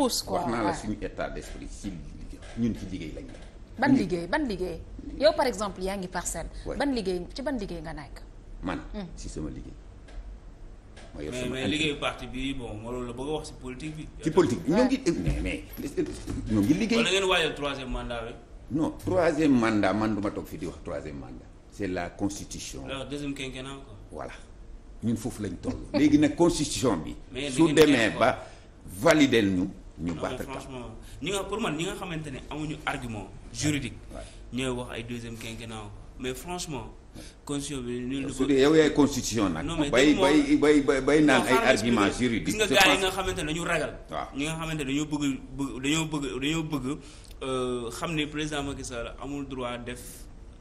pousse quoi wax naa la suñu état d'esprit ci ñun ci liggéey lañ la. ban liggéey ban liggéey yow par exemple yaa ngi parcelle. ban liggéey ci ban liggéey nga nekk. man hmm. si sama liggéey. ma yor sama mais parti bi bon loolu la bëgg a wax si politique bi. ci politique ñoo ngi mais mais ñoo ngi liggéey. wala bi. non troisième mandat man du ma toog fii di wax troisième mandat. c'est la constitution. alors deuxième quinquennat quoi. voilà ñun foofu lañ toll. léegi nag constitution bi. su demee ba valider ñu. ñu battre franchement ñi nga pour man ñi nga xamante ne amuñu argument juridique. ñooy wax ay deuxième quinquennat mais franchement. constitution bi nul ne. su yow yaay constitution nag. bay bay bay bay bay naan ay argument juridique. gis nga gars nga xamante ne dañu ragal. waaw ñi nga xamante ne dañoo bëgg bëgg dañoo bëgg dañoo euh, xam ne président Macky Sall amul droit def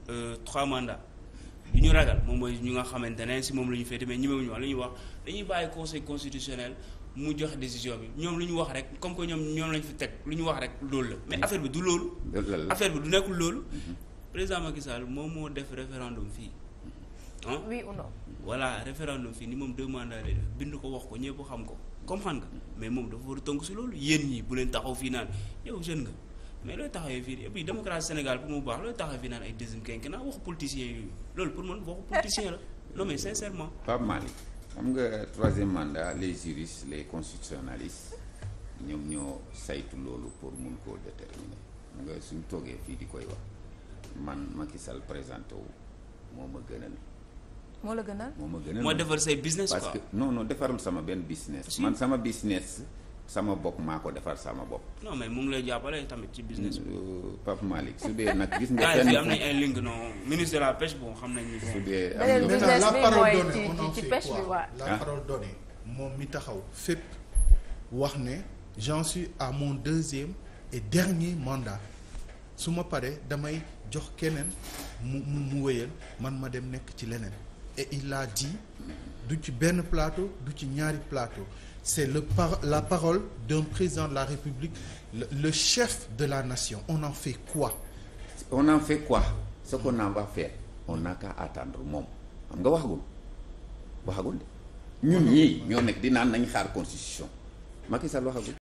euh, trois mandats. ñu ragal moom mooy ñu nga xamante ne si moom la ñu féete mais ñi ñu wax la ñuy wax dañuy bàyyi conseil constitutionnel. mu joxe décision bi ñoom lu ñu wax rek comme que ñoom ñoom lañ fi teg lu ñu wax rek loolu la mais mm-hmm. affaire bi du loolu. affaire bi du nekkul loolu. Mm-hmm. président Macky Sall moom moo def référendum fii. ah oui ou non. voilà référendum fii ni moom deux mandats lay def bind ko wax ko ñëpp xam ko comme xam nga mm-hmm. mais moom dafa war a tënk si loolu yéen ñi bu leen taxaw fii naan yow jeune nga mais looy taxawee fii et puis démocratie Sénégal pour mu baax looy taxawee fii naan ay deuxième quinquennat wax politiciens loolu pour man waxu politicien la non mais sincèrement. xam nga troisième mandat les juristes les constitutionnalistes ñoom ñoo saytu loolu pour mun koo déterminer xam nga suñ toogee fii di koy wax man Macky Sall présenté wu moo ma gënal. moo la gënal moo ma gënal moo defar say business quoi. parce que non non defarul sama benn business. man sama business. sama bopp maa ko defar sama bopp. non mais mu ngi lay jàppale tamit ci business bi. Euh, Pape Malick su dee nag gis nga. fenn am nañ ay link non ministre de la pêche bon xam nañ ni. su na la parole donnée moom mi taxaw fépp wax ne j'en suis à mon deuxième et dernier mandat su ma paree damay jox keneen mu mu wéyal man ma dem nekk ci leneen. et il l'a dit du ci benn plateau du ci ñaari plateau c'est le par la parole d'un président de la République le, le chef de la nation on en fait quoi on en fait quoi ce qu'on en va faire on n'a attendre moom xam nga waxagul waxagul de ñun ñii ñoo nekk di naan nañ xaar constitution Macky Sall waxagul